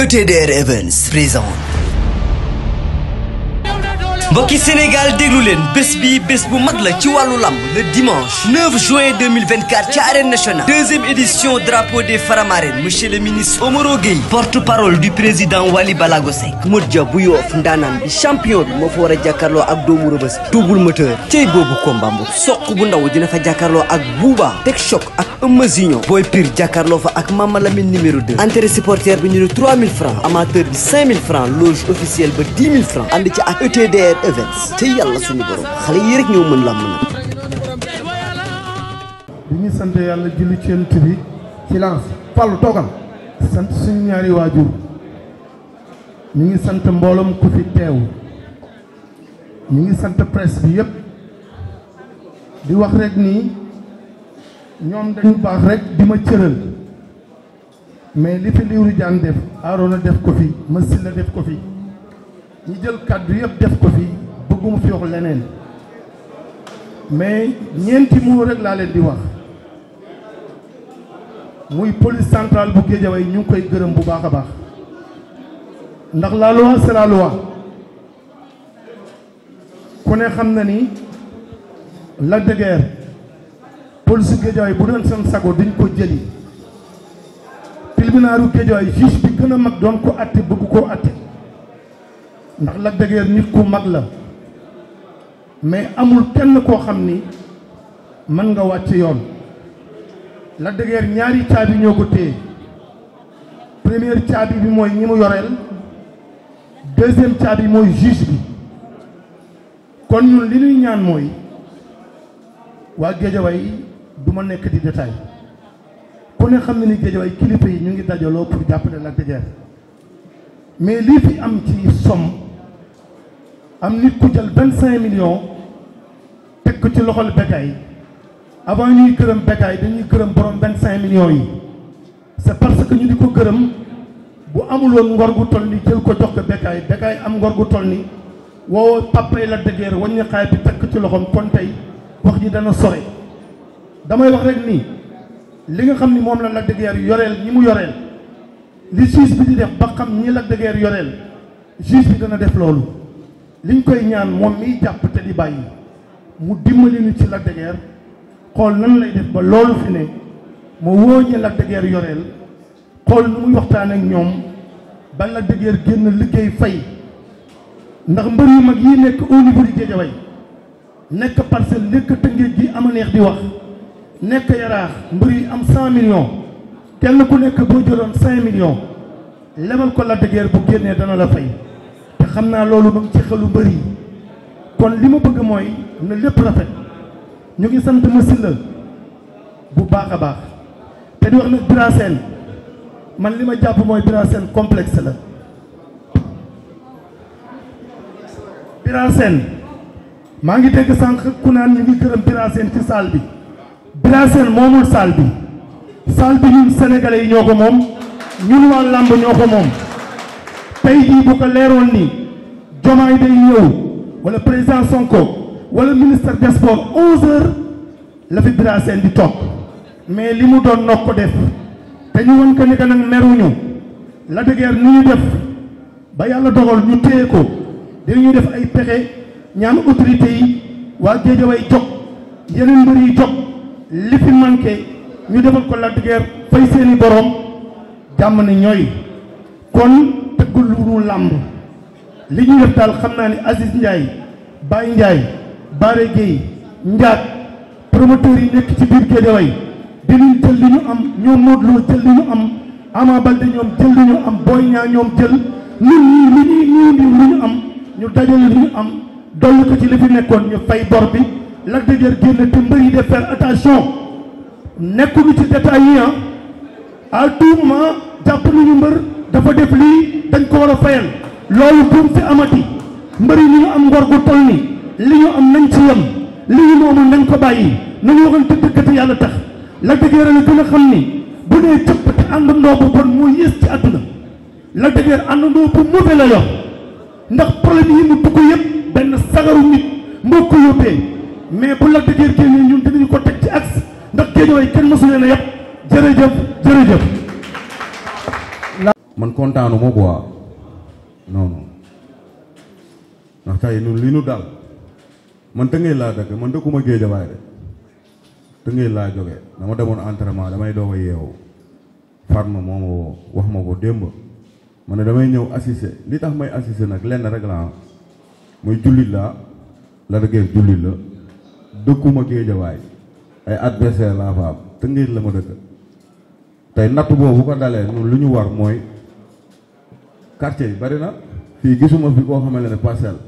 ETDR Evans présente mbokki Sénégal déglu leen bés bi bés bu mag la ci wàllu lamb le dimanche 9 juin 2024 ci arène nationale deuxième édition drapeau des Faramaren monsieur le ministre Omaro Gueye porte-parole du président Wali Balago Seck bu Yoof ndaanaan bi champion bi moo fa war a jàkkaarloo ak doomu Rëbës double moteur cey boobu combat mbokk soq bu ndaw dina fa jàkkaarloo ak Bouba Teg Choc ak Eumeu Junior Boy Pire jàkkaarloo fa ak Mama Lamine numéro 2 entrée supporter bi ñu ne 3000 events te sant yàlla julli ci yonent bi ci lance fàllu toogal sant suñu ñaari waajur ñu ngi sant mbooloom ku fi teew ñu ngi sant presse bi yépp di wax rek nii ñoom dañu baax rek di ma cëral mais li fi liiru jaan def aaroon def ko fi ma silla def ko fi ñu jël kàddu yëpp def ko fi bëgguma fi wax leneen mais ñeenti moo rek laa leen di wax muy police centrale bu Guédiawaye ñu ngi koy gërëm bu baax a baax ndax la loi c'est la ku ne xam na ni la de Guiers police Guédiawaye bu doon seen sago duñ ko jëli tribunaalu Guédiawaye juge bi gën a mag doon ko atte bëgg koo atte ndax Lac de nit ku mag la mais amul kenn koo xam ni mën nga wàcc yoon Lac de Guiers ñaari caabi ñoo ko téye première caabi bi mooy ñi mu yoreel deuxième caabi mooy juge bi kon ñun li ñuy ñaan mooy waa Géejawaay du ma nekk di détail ku ne xam ne ni Géejawaay kilifa yi ñu ngi dajaloo pour jàppale Lac de mais lii fi am ci somm am nit ku jël vingt cinq millions teg ko ci loxol Bécaye avant ñuy gërëm Bécaye dañuy këram borom vingt cinq millions yi c'est parce que ñu di ko këram bu amuloon ngor gu toll ni jël ko jox ko Bécaye Bécaye am ngor gu toll ni woo papay la dëgër waññi xaay bi teg ci loxom kon tey wax ñi dana sore damay wax rek nii li nga xam ni moom la la dëgër yoreel ñi mu yoreel li juge bi di def ba xam ñi la dëgër yoreel juge bi dana def loolu liñ koy ñaan moom miy jàpp te di bàyyi mu dimbali ñu ci Lac de xool nan lay def ba loolu fi ne ma woo ñu Lac yoreel xool nu muy waxtaan ñoom ba Lac de Guiers génn liggéey fay ndax mbër yu mag yi nekk au niveau du Guédiawaye nekk parcelle nekk tëngéej gi ama neex di wax nekk yaraax mbër yi am cent millions kenn ku nekk boo jëloon cinq millions lebal ko Lac de Guiers bu génnee dana la fay xam naa loolu ba ci xelu bëri kon li ma bëgg mooy na lépp rafet ñu ngi sant ma silla bu baax a baax te di wax nag Bira man li ma jàpp mooy Bira Sène complexe la Bira maa ngi dégg sànq ku naan ñu ngi gërëm Bira Sène ci salle bi Bira Sène moomul salle bi salle bi ñun sénégalais yi ñoo ko moom ñun waa làmb ñoo ko moom tey jii bu ko leeroon nii Diomaye day ñëw wala président Sonko wala ministre des sports 11h la fi Bira Sène di toog mais li mu doon nokk ko def te ñu won ko ni que nag meruñu la dëgër ni ñu def ba yàlla dogal ñu téye ko dañuy def ay pexe ñaan autorité yi waa Géejawaay jóg yeneen mbër yi jóg li fi manqué ñu defal ko la dëgër fay seeni borom jàmm ne ñooy kon tëggul lu làmb li ñuy def daal xam naa ne Aziz Ndiaye Baye Ndiaye Bare Gueye Ndiak promoteurs yi nekk ci biir Guédiawaye dinañ jël li ñu am ñoom Modou Lo jël li ñu am Ama Baldé ñoom jël li ñu am Boy Niang ñoom jël ñun ñii li ñuy ñu am ñu dajale li ñu am dolli ko ci li fi nekkoon ñu fay bor bi Lac de Guiers génn te mbër yi de faire attention nekkuñu ci détails yi ah à tout moment jàpp ñu mbër dafa def lii dañ ko war a fayal loolu buum fi amati mbëri yi ñu am ngor gu toll ni li ñu am nañ ci yem li ñu moomul nañ ko bàyyi nañu waxante dëgg yàlla tax la dëggeer la gën a xam ni bu dee cëpp te àndandoo bu bon moo yées ci àdduna la dëggeer àndandoo bu mube la yor ndax problème yi mu dugg yëpp benn sagaru nit moo ko yóbbee mais bu la dëggeer génnee ñun dinañu ko teg ci axe ndax géejooy kenn mosu leen a yëpp jërëjëf jërëjëf man kontaanu ma non non ndax tey li ñu daal man tëngee laa dëkk man dëkkuma géejawaay de tëngee laa jógee dama demoon entraînement damay doog a yeewu farma moo ma woo wax ma ko démb ma ne damay ñëw assister li tax may assister nag lenn rek laa muy jullit laa la dëggee jullit la dëkkuma géejawaay ay adversaire laa fa am tëngee la ma dëkk tey natt boobu ko dalee ñun lu ñu war mooy quartier yi bari na fii gisuma fi koo xamante ne parcelle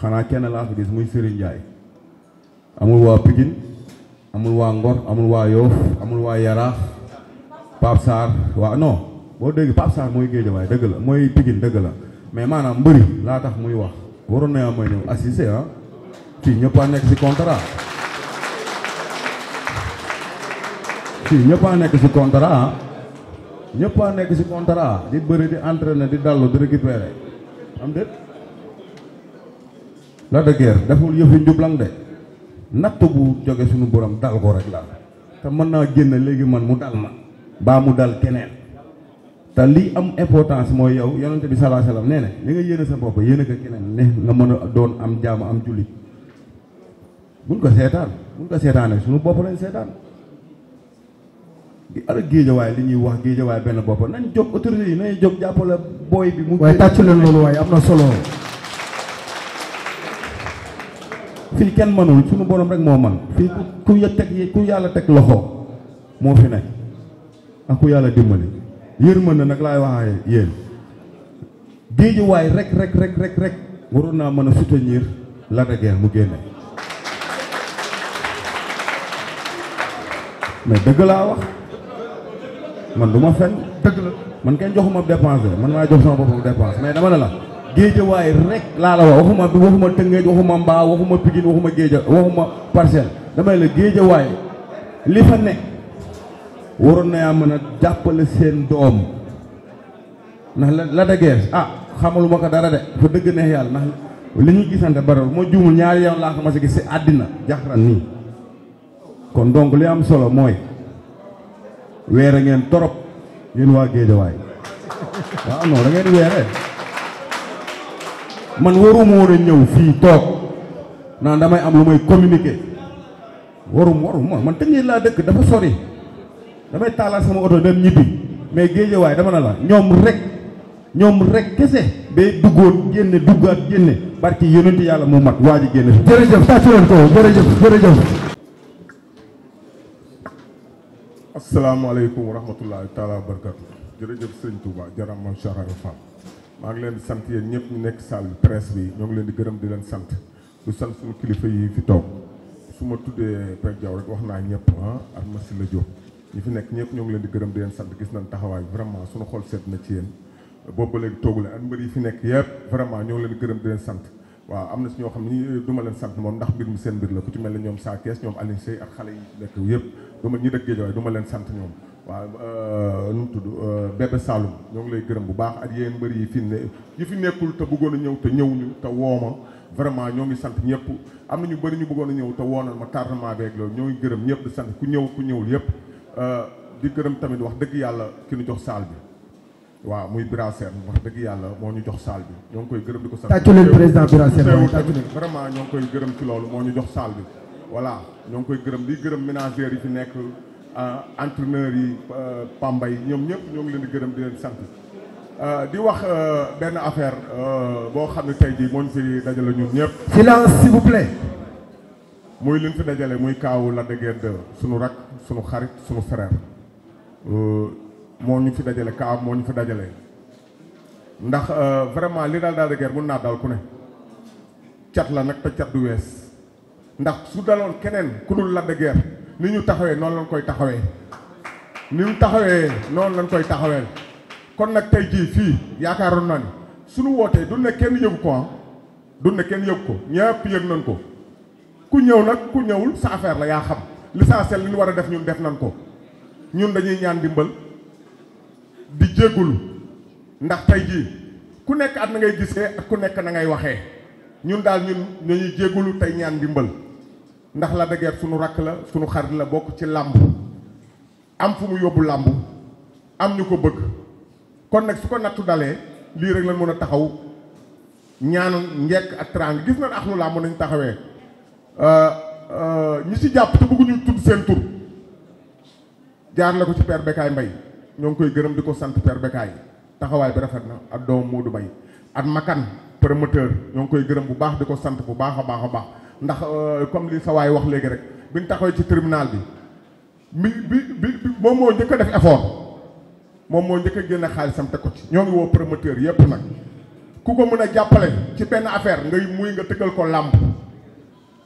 xanaa kenn laa fi gis muy Serigne Ndiaye amul waa Pikine amul waa Ngor amul waa Yoff amul waa Yaraax Pape Sarr waa non boo dégg Pape Sarr mooy Guédiawaye dëgg la mooy Pikine dëgg la mais maanaam mbëri laa tax muy wax waroon na may ñëw assister ah fii ñëpp a nekk ci contrat fii ñëpp nekk ci contrat ah. ñëpp a nekk ci contrat di bëri di entraîner di dallu di récupérer am déet la de guerre deful yëfi njublang natt bu jóge suñu borom dal ko rek la te mën naa génn léegi man mu dal ma baa mu dal keneen te li am importance mooy yow yonente bi salaa salaam nee na li nga yéene sa bopp yéene ko keneen ne nga mën a doon am jaamu am jullit buñ ko seetaan buñ ko seetaanee suñu bopp lañ seetaan ana géejawaay li ñuy wax géejawaay benn bopp nañ jóg autorité yi nañ jóg jàppale booy bi mu waaye tàcc leen loolu waaye am na solo fii kenn mënul suñu borom rek moo man fii ku ku yàlla teg loxo moo fi nekk ak ku yàlla dimmali yërmande nag laay wax yéen géejawaay rek rek rek rek rek waroon naa mën a soutenir Lac de Guiers mu génne mais dëgg laa wax man du ma fen dëgg la man kenn joxuma dépense man maa jox sama boppam dépense mais dama ne la géejawaay rek laa la wax waxuma waxuma Tëngéej waxuma Mbaa waxuma Pikine waxuma géeja waxuma parcelle damay la géejawaay li fa nekk waroon na yaa mën a jàppale seen doom ndax la la dagees ah xamalu ma ko dara de fa dëgg neex yàlla ndax li ñuy gisante bari moo juumul ñaari yoon laa ko mas a gis si àddina jaxran nii kon donc li am solo mooy weere ngeen torop yéen waa Géejawaay waaw non da ngeen weere man waruma woon a ñëw fii toog naan damay am lu may communiquer warum waruma man tëngéej laa dëkk dafa sori damay taalaat sama oto dem ñibbi mais Géejawaay dama na la ñoom rek ñoom rek kese ba duggoon génne duggaat génne barki yonenti yàlla mu mat waa ji génne jërëjëf tàccu leen ko jërëjëf jërëjëf asalaamaaleykum wa rahmatullahi taala wa barakatu jërëjëf sëñ Touba jaram maam Cheikh Ibra Fall maa ngi leen di sant yéen ñëpp ñu nekk salle bi presse bi ñoo ngi leen di gërëm di leen sant du sant suñu kilifa yi fi toog su ma tuddee Père Diaw rek wax naa ñëpp ah ak Massi la Diop ñi fi nekk ñëpp ñoo ngi leen di gërëm di leen sant gis nañ taxawaay su suñu xol seet na ci yéen boobu ba léegi toogu leen mbër yi fi nekk yëpp vraiment ñoo ngi leen di gërëm di leen sant waaw am na si ñoo xam ne du ma leen sant moom ndax mbir mi seen mbir la ku ci mel na ñoom Sa Thiès ñoom Alioune Seye ak xale yi nekk yëpp du ma ñi dëkk Guédiawaye du ma leen sant ñoom waaw euh, nu tudd euh, Bébé Saloum ñoo ngi lay gërëm bu baax ak yéen bëri yi fi ne yi fi nekkul te bëggoon a ñëw te ñëwuñu te wooma vraiment ñoo ngi sant ñëpp am na ñu bëri ñu bëggoon a ñëw te woonal ma tardement beeg loolu ñoo ngi gërëm ñëpp di sant ku ñëw ku ñëwul yëpp euh, di gërëm tamit wax dëgg yàlla ki ñu jox saal bi waaw muy Bira Sène wax dëgg yàlla moo ñu jox saal bi ñoo ngi koy gërëm di ko sant tàccu leen président Bira Sène tàccu leen vraiment ñoo ngi koy gërëm ci loolu moo ñu jox saal bi voilà ñoo ngi koy gërëm di gërëm ménagères yi ci nekk euh, entraîneurs yi euh, Pambay ñoom ñëpp ñoo ngi leen di gërëm di leen sant euh, di wax benn affaire boo xam ne tey jii moo ñu fi dajale ñun ñëpp. silence s'il vous plaît. fi dajale muy kaawu la dëggee de sunu rak xarit sunu frère. moo ñu fi dajale Kaab moo ñu fi dajale ndax euh, vraiment li daal daal de guerre mun naa daal ku ne cat la nag te cat du wees ndax su daloon keneen ku dul Lac de Guiers ni ñu taxawee noonu lañ koy taxawee ni ñu taxawee noonu lañ koy taxawee kon nag tey jii fii yaakaaroon naa ni suñu wootee du ne kenn yëgu ko ah du ne kenn yëgu ko ñëpp yëg nañ ko ku ñëw nag ku ñëwul sa affaire la yaa xam l'essentiel li ñu war a def ñun def nañ ko ñun dañuy ñaan dimbal di jéggulu ndax tey jii ku nekk at na ngay gisee ak ku nekk na ngay waxee ñun daal ñun dañuy jéggulu tey ñaan ndimbal ndax la dëggeer suñu rakk la suñu xarit la bokk ci làmb am fu mu yóbbu làmb am ñu ko bëgg kon nag su ko nattu dalee lii rek lañ mën a taxaw ñaanu njekk ak trang gis nañ axlu làmb nañ taxawee euh, euh, ñu ci jàpp te bëgguñu tudd seen tur jaar la ko ci père Bekaay ñoo ngi koy gërëm di ko sant Père Bécaye taxawaay bi rafet na ak doomu Modou bay ak Makan promoteur ñoo ngi koy gërëm bu baax di ko sant bu baax a baax a baax ndax euh, comme lii sa waay wax léegi rek bi ñu taxawee ci tribunal bi bi bi bi moom moo njëkk a def effort moom moo njëkk a génne xaalisam te ko ci ñoo ngi woo promoteur yépp ku ko mën a jàppale ci benn affaire nga muy nga tëggal ko làmb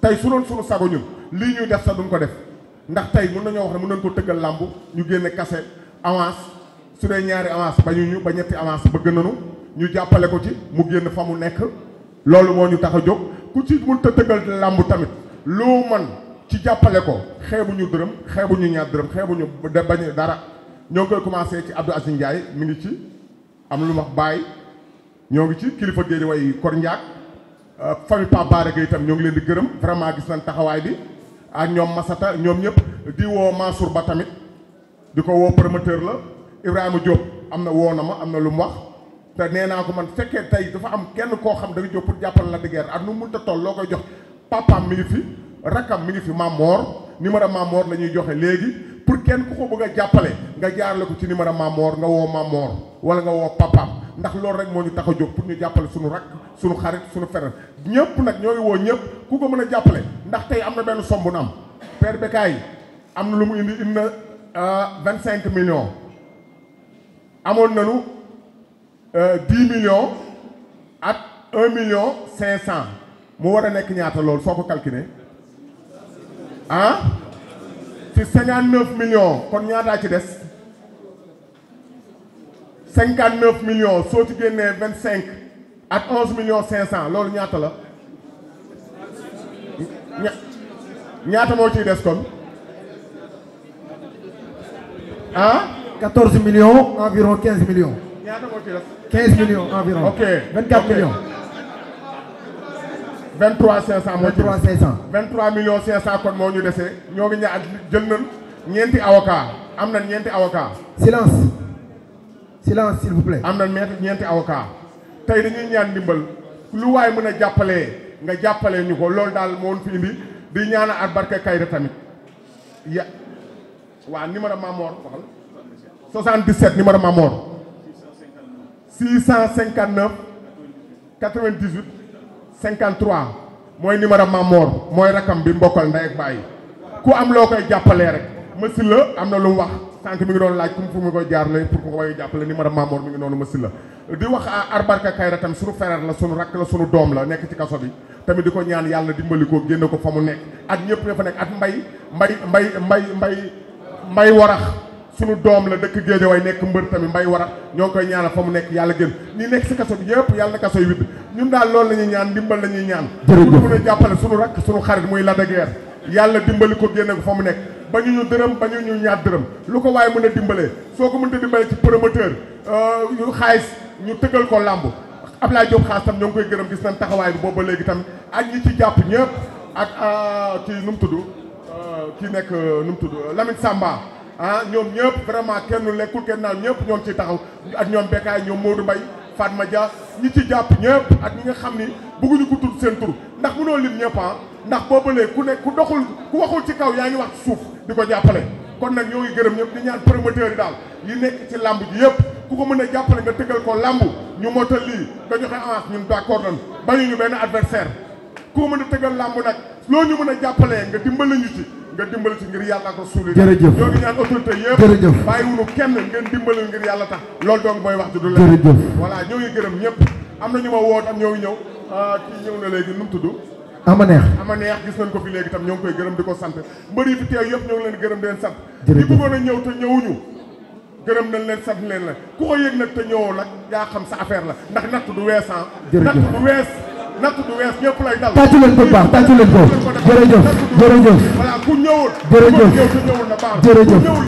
tey su doon sunu sago ñun lii ñuy def sax ko def ndax tey mën nañoo wax ne mën nañ ko tëggal làmb ñu génne kase avance su dee ñaari avance bañuñu ba ñetti avance bëgg nañu ñu jàppale ko ci mu génn fa mu nekk loolu moo ñu tax a jóg ku ci mun ta tëggal làmb tamit loo man ci jàppale ko xeebuñu dërëm ñu ñaar dërëm xeebuñu bañ dara ñoo ngi koy commencé ci Abdou Aziz Ndiaye mi ngi ci am lu wax baay ñoo ngi ci kilifa géej way Kor Ndiak euh, famille Pape Bara Gueye itam ñoo ngi leen di gërëm vraiment gis nañ taxawaay bi ak ñoom Masata ñoom ñëpp di woo Mansour Ba tamit di ko woo promoteur la Ibrahima Diop am na woo na ma am na lu mu wax te nee naa ko man fekkee tey dafa am kenn koo xam dafa jóg pour jàppal la de guerre nu mu mënta toll loo koy jox papaam mi ngi fi rakkam mi ngi fi Mamor numéro Mamor la ñuy joxe léegi pour kenn ku ko bëgg a jàppale nga jaarale ko ci numéro Mamor nga woo Mamor wala nga woo papaam ndax loolu rek moo ñu tax a jóg pour ñu jàppale suñu rakk suñu xarit suñu feneen ñëpp nag ñoo woo ñëpp ku ko mën a jàppale ndax am na benn somb na Euh, vingt cinq millions amoon nañu euh, dix millions at un million cinq cent mu war a nekk ñaata loolu foo ko calculer ah ci cinquante neuf millions kon ñaataa ci des cinquante neuf million soo ci génnee vingt cinq ak onze million cinq cent loolu ñaata la ñaata moo ciy des kon ah 14 millions environ 15 millions. 15 millions environ. ok 24 okay. millions. 23 500 moo ci 23 500. 23 millions 500 kon moo ñu dese ñoo ngi ñaar jël nañ ñeenti avocat am na ñeenti avocat silence silence s'il vous plaît. am na ñeenti avocat tey dañuy ñaan ndimbal lu waay mën a jàppalee nga jàppalee ñu ko loolu daal moo fi indi di ñaan a at barke kayda tamit ya. waa numéro Mamor waxal 77 numéro Mamor 659 98 53 mooy numéro mooy rakam bi mbokkal ndey ak bàyyi ku am loo koy jàppalee rek mësi la am na lu mu wax sànq mi ngi doon laaj fu mu ko jaarale pour ko koy jàppale numéro Mamor mi ngi noonu mësi la di wax Arbarka Kayra tam suñu frère la suñu rakk la suñu doom la nekk ci kaso bi tamit di ko ñaan yàlla dimbali ko génne ko fa mu nekk at ñëpp ña fa nekk at mbay mbay mbay mbay mbay warax suñu doom la dëkk Géejawaay nekk mbër tamit may warax ñoo ngi koy ñaanal fa mu nekk yàlla gën ñi nekk si kaso bi yëpp yàlla na kaso yi witt ñun daal loolu la ñuy ñaan ndimbal la ñuy ñaan suñu mën a jàppale suñu rakk suñu xarit muy Lac de Guiers yàlla dimbali ko génne ko fa mu nekk bañu ñu dërëm bañu ñu ñaar dërëm lu ko waaye mën a dimbalee soo ko mënta dimbalee ci promoteur euh, yu xaalis ñu tëggal ko làmb Ablaye Diop xaas tam ñoo ngi koy gërëm gis nañ taxawaay bi boobu ba léegi tam ak ñi jàpp ñëpp ak ci euh, nu mu tudd Euh, kii nekk euh, nu mu tudd euh, Lamine Samba ah ñoom ñëpp vraiment kenn lekkul kenn naan ñëpp ñoom ci taxaw ak ñoom Bekkaay ñoom Modou Mbaye ma Dia ñi ci jàpp ñëpp ak ñu nga xam ni bëgguñu ko tudd seen tur ndax mënoo lim ñëpp ah ndax boobalee ku ne ku doxul ku waxul ci kaw yaa ngi wax suuf di ko jàppale kon nag ñoo ngi gërëm ñëpp di ñaan promoteurs yi daal yi nekk ci làmb ji yëpp ku ko mën a jàppale nga tëggal ko làmb ñu moo lii nga joxe avance ñun d'accord nañ bañuñu benn adversaire ku ko mën a tëggal làmb nag loo ñu mën a jàppalee nga dimbal ñu ci nga dimbal ci ngir yàlla ko suuli jërëjëf ñoo ngi ñaan autorité yëpp jërëjëf bàyyiwunu kenn ngeen dimbal ngir yàlla tax lool loolu donc booy wax ci du la jërëjëf voilà ñoo ngi gërëm ñëpp am na ñu ma woo tam ñoo ngi ñëw ah, kii ñëw na léegi nu mu tudd ama neex ama neex gis nañ ko fi léegi tam ñoo ngi koy gërëm di ko sant mbër yi fi teew yëpp ñoo leen gërëm di leen sant ñi bëggoon a ñëw te ñëwuñu gërëm nañ leen sant leen la ku ko yëg nag te ñëwoo nag yaa xam sa affaire la ndax natt du wees ah tàcc leen ko baax tàcc leen ko jërëjëf jërëjëf jërëjëf jërëjëf